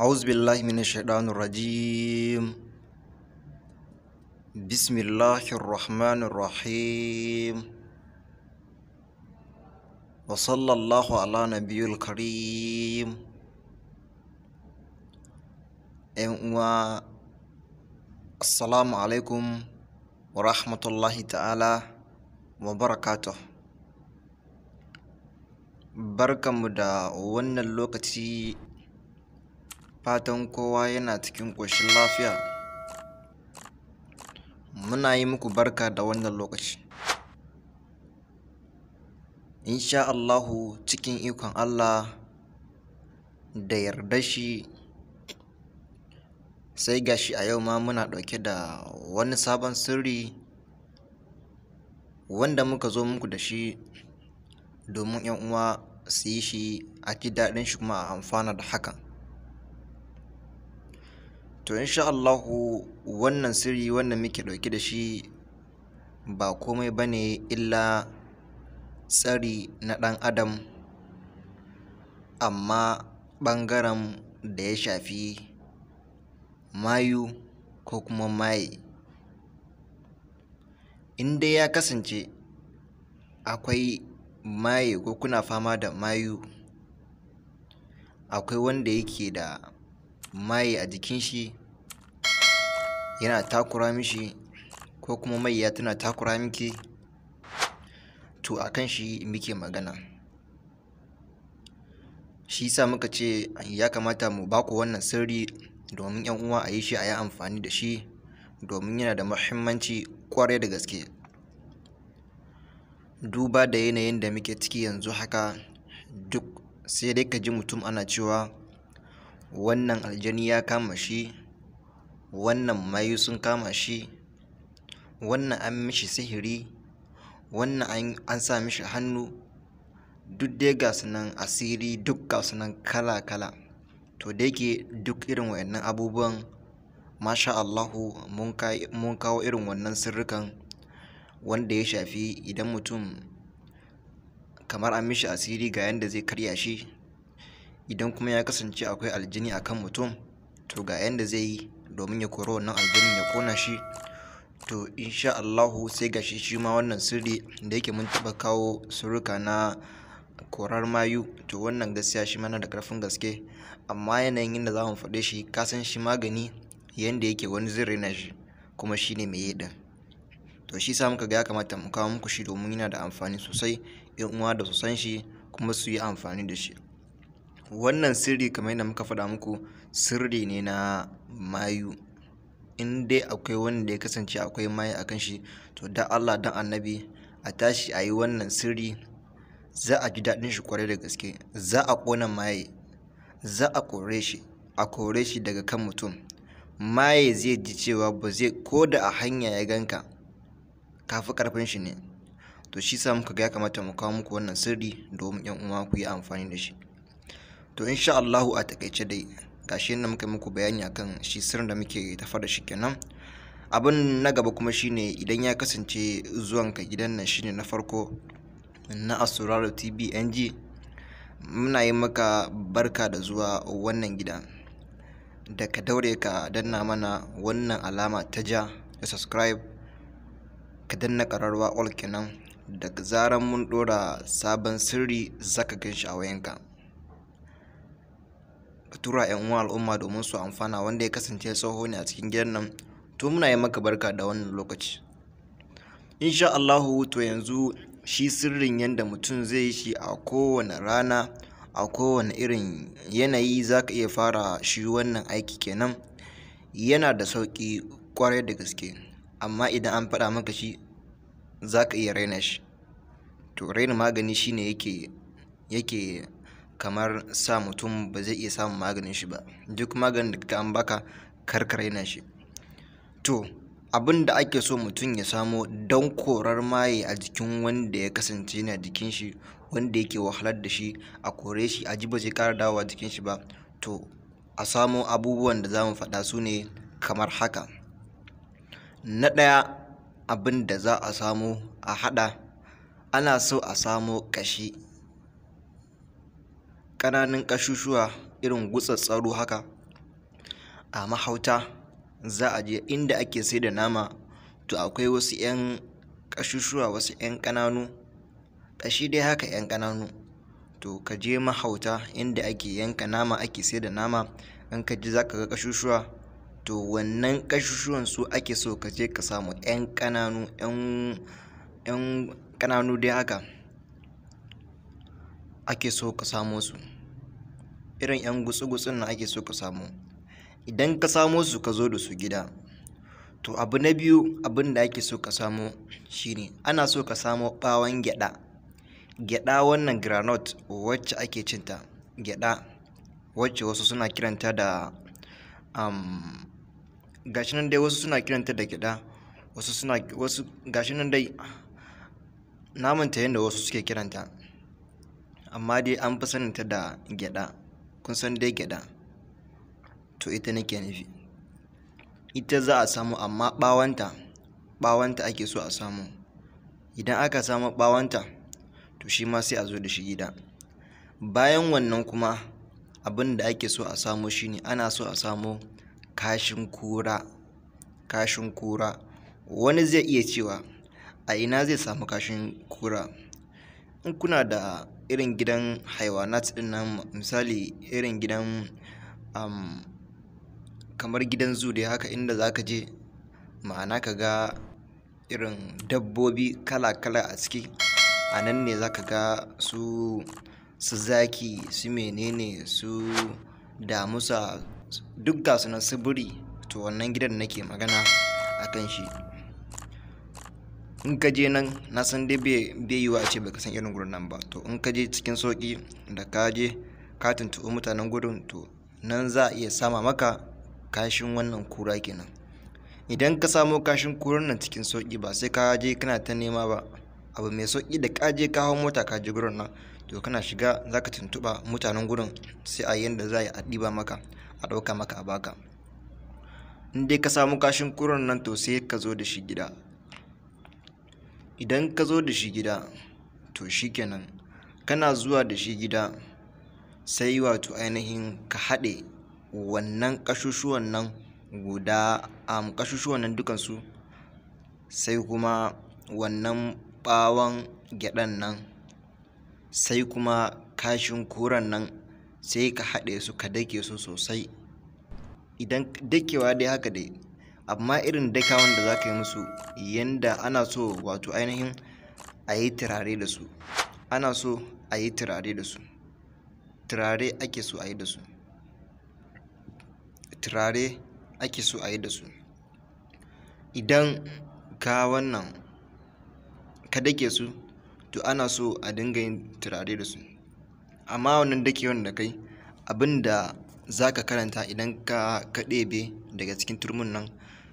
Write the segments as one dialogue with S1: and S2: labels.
S1: أعوذ بالله من الشيطان الرجيم بسم الله الرحمن الرحيم وصلى الله على نبي الكريم و السلام عليكم ورحمة الله تعالى وبركاته barkanmu da wannan lokaci fatan kowa yana cikin ƙoshin lafiya muna yi muku barka da wannan lokaci insha Allahu cikin ikon Allah da yarda shi sai gashi a yau ma muna ɗauke da wani sabon sirri wanda muka zo muku da shi domin 'yan uwa su yi shi a ji daɗin shi kuma a amfana da hakan to insha Allahu wannan sirri wannan muke dauki da shi ba komai ba ne illa tsari na ɗan adam amma ɓangaren da ya shafi mayu ko kuma maye in dai ya kasance akwai maye ko kuna fama da mayu akwai wanda yake da maye a jikin shi yana takura mishi ko kuma maiya tana takura miki to a kan shi muke magana shi sa muka ce ya kamata mu baku wannan sirri domin yan uwa a yi shi a yi amfani da shi domin yana da muhimmanci kwarai da gaske duba da yanayin da muke ciki yanzu haka duk sai dai ka ji mutum ana cewa wannan aljani ya kama shi wannan mayu sun kama shi wannan an mishi sihiri wannan an sa mishi hannu duk dai ga nan asiri duk ga nan kala-kala to da yake duk irin wayannan abubuwan masha Allahu mun kawo irin wannan sirrukan wanda ya shafi idan mutum kamar an mishi asiri ga yadda zai karya shi idan kuma ya kasance akwai aljini akan mutum to ga yadda zai yi domin ya kori wannan aljanin ya kona shi to insha Allahu sai gashi shi ma wannan sirri da yake mun taba kawo suruka na korar mayu to wannan gaskiya shi mana da karfin gaske amma yanayin yadda za mu faɗe shi kasan san shi magani yanda yake wani zai raina shi kuma shi ne mai yaɗa to shi sa muka ga ya kamata mu kawo muku shi domin yana da amfani sosai yan uwa da su san shi kuma su yi amfani da shi wannan sirri kamar yadda muka faɗa muku sirri ne na mayu in dai akwai wanda ya kasance akwai maye a shi to da Allah dan annabi a tashi a yi wannan sirri za a ji daɗin shi kwarai da gaske za a ƙona maye za a kore shi a kore shi daga kan mutum maye zai ji cewa ba zai ko da a hanya ya ganka kafi karfin shi ne to shi sa muka ga ya kamata mu kawo muku wannan sirri domin yan uwa ku yi amfani da shi to insha Allahu a takaice dai gashi yana muka muku bayani akan shi sirrin da muke tafa da shi kenan abin na gaba kuma shine idan ya kasance zuwan ka gidan nan shine na farko na asuraro tbng muna yi maka barka da zuwa wannan gida da ka daure ka danna mana wannan alama ta ja da subscribe ka danna ƙararwa all kenan daga zaran mun ɗora sabon sirri zaka gan shi a wayanka ka tura yan uwa al'umma domin su amfana wanda ya kasance tsoho ne a cikin gidan nan to muna yi maka barka da wannan lokaci insha Allahu to yanzu shi sirrin yadda mutum zai yi shi a kowane rana a kowane irin yanayi za ka iya fara shi wannan aiki kenan yana da sauƙi ƙwarai da gaske amma idan an faɗa maka shi za ka iya raina shi to raina magani shine yake yake kamar sa mutum ba zai iya samun maganin shi ba duk maganin da ka an baka karkar yana shi to abin da ake so mutum ya samo don korar maye a jikin wanda ya kasance yana jikin shi wanda yake wahalar da shi a kore shi a ji ba zai kara dawowa jikin shi ba to a samo abubuwan da za mu faɗa su ne kamar haka na ɗaya abin da za a samo a haɗa ana so a samo ƙashi Ƙananan ƙasusuwa irin gutsatsaru haka a mahauta za a je inda ake sai da nama to akwai wasu 'yan ƙasusuwa wasu 'yan ƙananu ƙashi dai haka 'yan ƙananu to ka je mahauta inda ake yanka nama ake sai da nama in ka ji za ka ga ƙasusuwa to wannan ƙasusuwan su ake so ka je ka samu 'yan ƙananu 'yan ƙananu dai haka ake so ka samo su irin 'yan gutsu-gutsun na ake so ka samo idan ka samo su ka zo da su gida to abu na biyu abin da ake so ka samo shine ana so ka samo bawon gyada gyada wannan granot wacce ake cinta gyada wacce wasu suna kiranta da um, gashi nan dai wasu suna kiranta da gyada wasu suna wasu gashi nan dai namanta yadda wasu suke kiranta amma dai an fi saninta da gyada kun san dai gyada to ita nake nufi ita za a samu amma bawanta bawanta ake so a samu idan aka samu bawanta to shi ma sai a zo da shi gida bayan wannan kuma abin da ake so a samu shine ana so a samu kashin kura kashin kura wani zai iya cewa a ina zai samu kashin kura in kuna da irin gidan haiwanat din nan misali irin gidan um, kamar gidan zoo dai haka inda za ka je ma'ana ka ga irin dabbobi kala-kala a ciki a nan ne za ka ga su su zaki su menene su damusa duk gasu su tsibiri to wannan gidan nake magana a kan shi in ka je nan na san dai bai yiwa a ce baka san irin gurin nan ba to in ka je cikin sauki da ka je ka tuntuɓi mutanen gurin to nan za a iya sama maka kashin wannan kura kenan idan ka samo kashin kuran nan cikin sauki ba sai ka je kana ta nema ba abu mai sauki da ka je ka hau mota ka je gurin nan to kana shiga za ka tuntuɓa mutanen gurin sai a yanda za a yi ɗiba maka a ɗauka maka a baka in dai ka samu kashin kuran nan to sai ka zo da shi gida idan ka zo da shi gida to shi kenan kana zuwa da shi gida sai wato ainihin ka haɗe wannan ƙasusuwan nan guda a ƙasusuwan nan dukansu sai kuma wannan ɓawon gyaɗan nan sai kuma kashin koren nan sai ka haɗe su ka dake su sosai idan dakewa dai haka dai amma irin dakawan da za ka yi musu yanda ana so wato ainihin a yi turare da su ana so a yi turare da su turare ake so a yi da su turare ake so a yi da su idan ka wannan ka dake su to ana so a dinga yin turare da su amma wannan dakewan da kai abin da za ka karanta idan ka ɗebe daga cikin turmin nan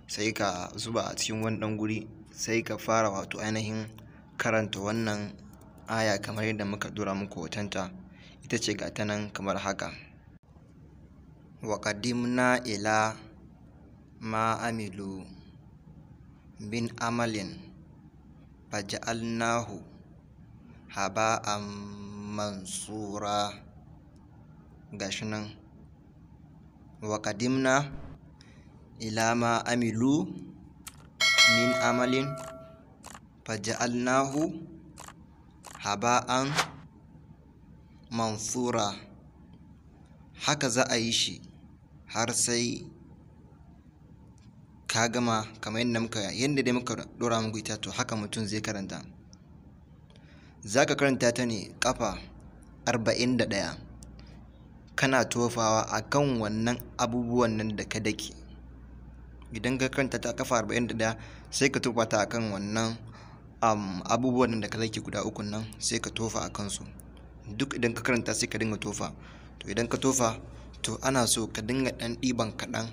S1: sai ka zuba a cikin wani ɗan guri sai ka fara wato ainihin karanta wannan aya kamar yadda muka dora muku hotonta ita ce gata nan kamar haka Waƙadimna qadimna ila bin Amalin min amalin haba a mansura gashi nan Waƙadimna. ila ma amilu min amalin faja'alnahu haba'an mansura haka za a yi shi har sai ka gama kamar yadda muka yadda dai muka dora mu ita to haka mutum zai karanta za ka karanta ta ne kafa arba'in da ɗaya kana tofawa a kan wannan abubuwan nan da ka dake idan ka kanta ta kafa 41 sai ka tofa ta akan wannan um, abubuwan da ka rage guda uku nan sai ka tofa a kansu duk idan ka karanta sai ka dinga tofa to idan ka tofa to ana so ka dinga dan ɗiban kaɗan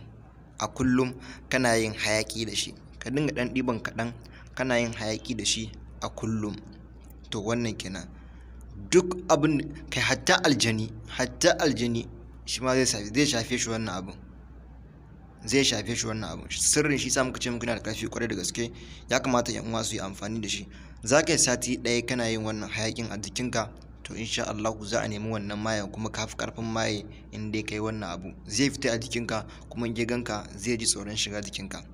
S1: a kullum kana yin hayaki da shi ka dinga dan ɗiban kaɗan kana yin hayaki da shi a kullum to wannan kenan duk abin kai hatta aljani hatta aljani shi ma zai shafe shi wannan abin zai shafe shi wannan abu sirrin shi sa muka ce da karfi kwarai da gaske ya kamata yan uwa su yi amfani da shi za ka yi sati ɗaya kana yin wannan hayakin a jikinka to insha Allah za a nemi wannan mayan kuma ka fi karfin maye in dai kai wannan abu zai fita a jikinka kuma geganka zai ji tsoron shiga jikinka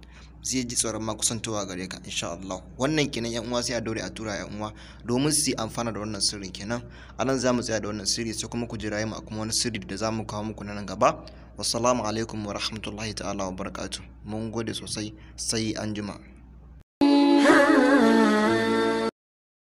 S1: zai ji tsoron ma kusantowa gare ka insha Allah wannan kenan yan uwa sai a daure a tura yan uwa domin su yi amfana da wannan sirrin kenan anan za mu tsaya da wannan sirri sai kuma ku jira mu a kuma wani sirri da za mu kawo muku nan gaba wassalamu alaikum wa rahmatullahi ta'ala wa barakatu mun gode sosai sai an